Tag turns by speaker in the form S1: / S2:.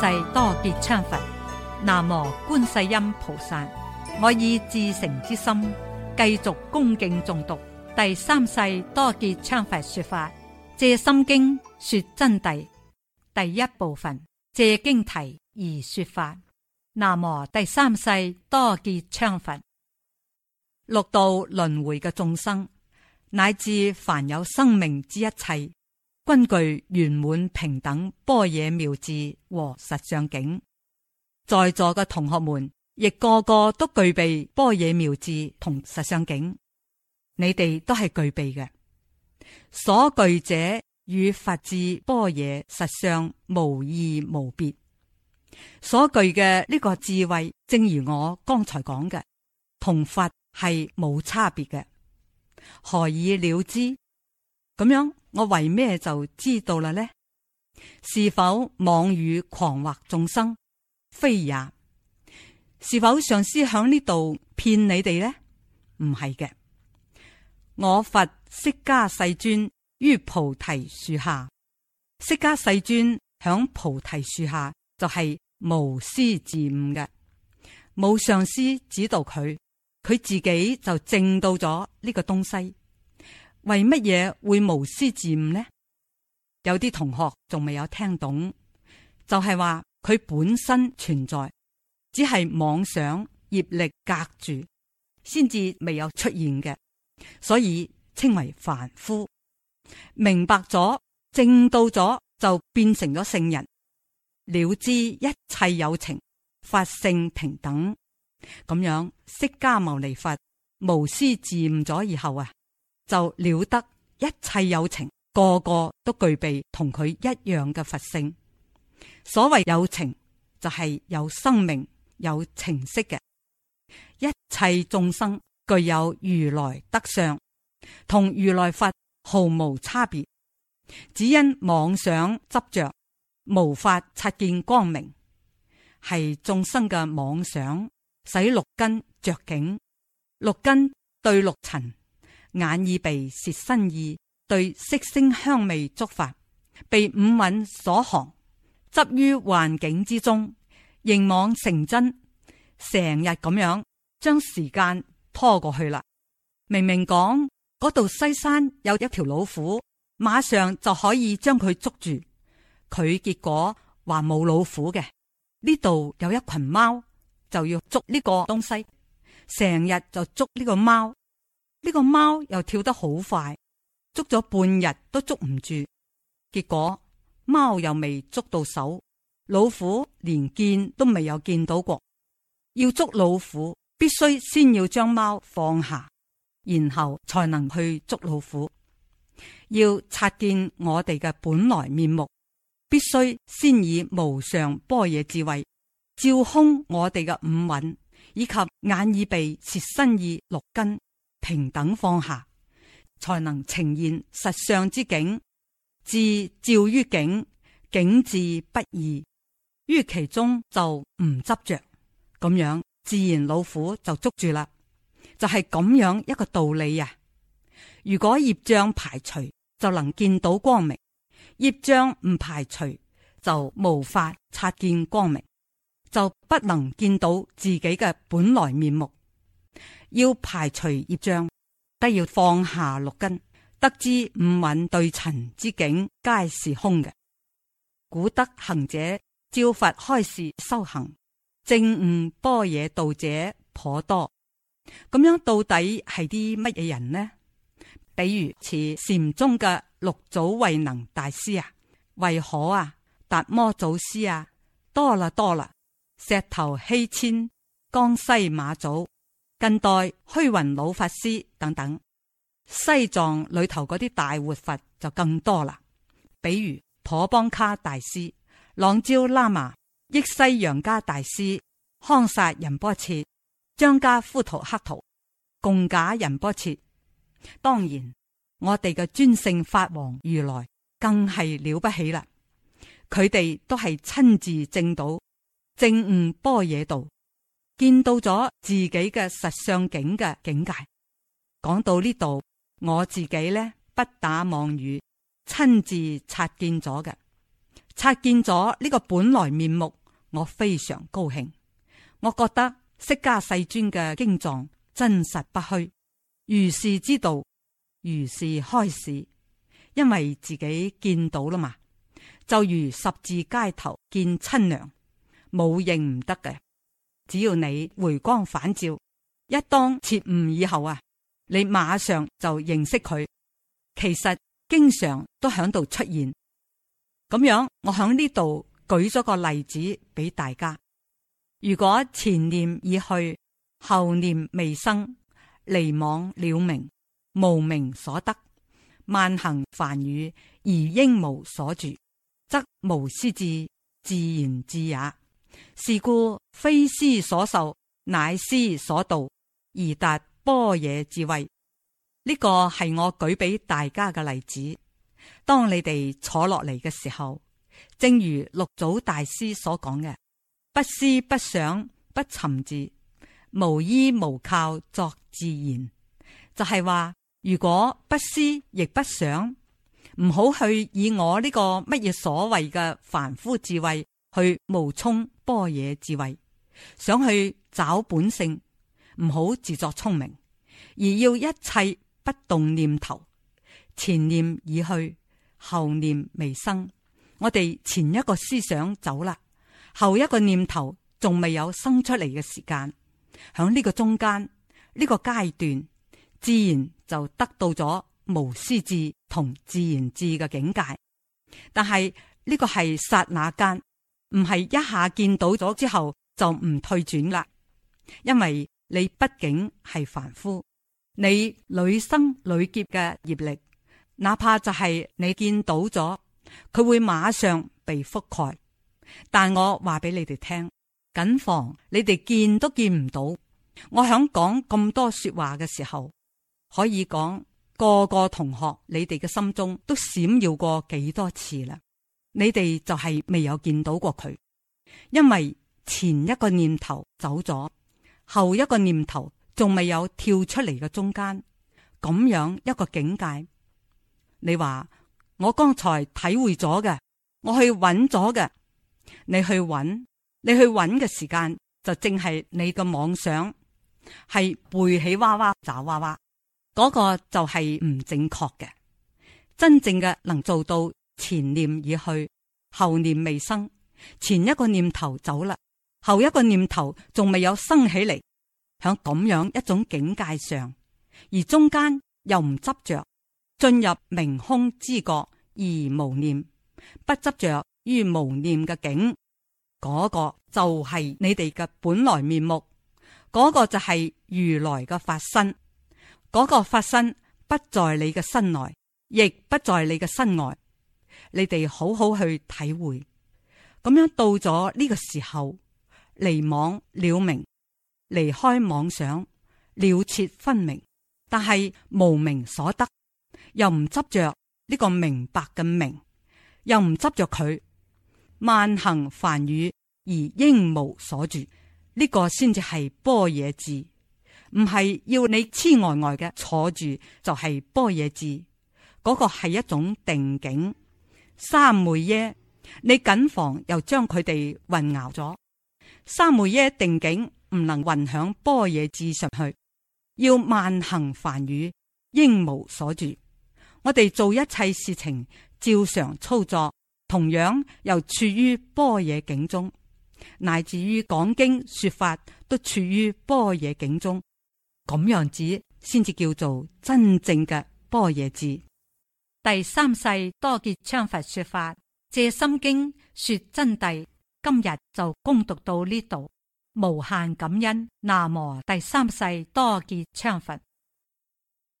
S1: 世多杰羌佛，南無觀世音菩薩。我以至誠之心，繼續恭敬重讀第三世多杰羌佛說法《藉心經》說真諦第一部分《藉經題》而說法。南無第三世多杰羌佛，六道輪迴嘅眾生，乃至凡有生命之一切。根據圓滿平等般若妙智和實相境，在座嘅同學們亦個個都具備般若妙智同實相境，你哋都係具備嘅。所具者與佛智般若實相無異無別，所具嘅呢個智慧，正如我剛才講嘅，同佛係冇差別嘅，何以了之？咁樣，我為咩就知道啦？呢是否妄語誑惑眾生？非也。是否上師響呢度騙你哋呢？唔係嘅。我佛釋迦世尊於菩提樹下，釋迦世尊響菩提樹下就係無師自悟嘅，冇上師指導佢，佢自己就證到咗呢個東西。為乜嘢會無師自悟呢？有啲同學仲未有聽懂，就係話佢本身存在，只係妄想業力隔住，先至未有出現嘅，所以稱為凡夫。明白咗，證到咗，就變成咗聖人。了知一切有情法性平等。咁樣，釋迦牟尼佛無師自悟咗以後啊！就了得一切有情，個個都具備同佢一樣嘅佛性。所謂有情，就係、是、有生命、有情識嘅一切眾生，具有如來德相，同如來佛毫無差別。只因妄想執着，無法擦見光明，係眾生嘅妄想，使六根着境，六根對六塵。眼耳鼻舌身意，對色聲香味觸法，被五蘊所行，執於幻境之中，凝望成真，成日咁樣將時間拖過去啦。明明講嗰度西山有一條老虎，馬上就可以將佢捉住，佢結果話冇老虎嘅，呢度有一群貓，就要捉呢個東西，成日就捉呢個貓。呢個貓又跳得好快，捉咗半日都捉唔住。結果貓又未捉到手，老虎連見都未有見到過。要捉老虎，必須先要將貓放下，然後才能去捉老虎。要察見我哋嘅本來面目，必須先以無上般若智慧照空我哋嘅五蘊，以及眼耳鼻舌身意六根。平等放下，才能呈現實相之境。智照於境，境智不二。於其中就唔執着，咁樣自然老虎就捉住啦。就係、是、咁樣一個道理呀。如果業障排除，就能見到光明；業障唔排除，就無法察見光明，就不能見到自己嘅本來面目。要排除業障，都要放下六根，得知五蘊對塵之境皆是空嘅。古德行者照佛開示修行，正悟波野道者頗多。咁樣到底係啲乜嘢人呢？比如似禪宗嘅六祖慧能大師啊、慧可啊、達摩祖師啊，多啦多啦。石頭希遷、江西馬祖。近代虛雲老法師等等，西藏裏頭嗰啲大活佛就更多啦，比如妥邦卡大師、朗昭喇嘛、益西楊家大師、康薩仁波切、張家夫圖克圖、共假仁波切。當然，我哋嘅尊勝法王如來更係了不起啦，佢哋都係親自證到正悟波野道。見到咗自己嘅實相境嘅境界，講到呢度，我自己呢，不打妄語，親自察見咗嘅，察見咗呢個本來面目，我非常高興。我覺得釋迦世尊嘅經藏真實不虛，如是之道，如是開示，因為自己見到啦嘛，就如十字街頭見親娘，冇認唔得嘅。只要你回光返照，一當切悟以後啊，你馬上就認識佢。其實經常都喺度出現。咁樣，我喺呢度舉咗個例子俾大家。如果前念已去，後念未生，離妄了明，無明所得，萬行凡語而應無所住，則無私自自然自也。是故非思所受，乃思所道，而達般若智慧。呢、這個係我舉俾大家嘅例子。當你哋坐落嚟嘅時候，正如六祖大師所講嘅：不思不想，不尋志，無依無靠作自然。就係、是、話，如果不思亦不想，唔好去以我呢個乜嘢所謂嘅凡夫智慧去冒充。般若智慧，想去找本性，唔好自作聰明，而要一切不動念頭，前念已去，後念未生。我哋前一個思想走啦，後一個念頭仲未有生出嚟嘅時間，響呢個中間呢、這個階段，自然就得到咗無私智同自然智嘅境界。但係呢、這個係剎那間。唔係一下見到咗之後就唔退轉啦，因為你畢竟係凡夫，你屢生屢劫嘅業力，哪怕就係你見到咗，佢會馬上被覆蓋。但我話俾你哋聽，謹防你哋見都見唔到。我喺講咁多說話嘅時候，可以講個個同學，你哋嘅心中都閃耀過幾多次啦。你哋就係未有見到過佢，因為前一個念頭走咗，後一個念頭仲未有跳出嚟嘅中間，咁樣一個境界。你話我剛才體會咗嘅，我去揾咗嘅。你去揾，你去揾嘅時間就正係你嘅妄想，係背起娃娃找娃娃，嗰個就係唔正確嘅。真正嘅能做到。前念已去，後念未生。前一個念頭走啦，後一個念頭仲未有生起嚟，喺咁樣一種境界上，而中間又唔執着，進入明空之覺而無念，不執着於無念嘅境，嗰個就係你哋嘅本來面目，嗰個就係如來嘅法身。嗰個法身不在你嘅身內，亦不在你嘅身外。你哋好好去體會，咁樣到咗呢個時候，離網了明，離開妄想了徹分明，但係無明所得，又唔執着呢個明白嘅明，又唔執着佢萬行凡語而應無所住呢、這個先至係般若智，唔係要你癡呆呆嘅坐住就係般若智。嗰、這個係一種定境。三昧耶，你謹防又將佢哋混淆咗。三昧耶定境唔能混響般若字上去，要慢行凡語，應無所住。我哋做一切事情照常操作，同樣又處於般若境中，乃至於講經說法都處於般若境中。咁樣子先至叫做真正嘅般若字。第三世多杰羌佛說法《藉心經》說真諦，今日就恭讀到呢度，無限感恩。南無第三世多杰羌佛。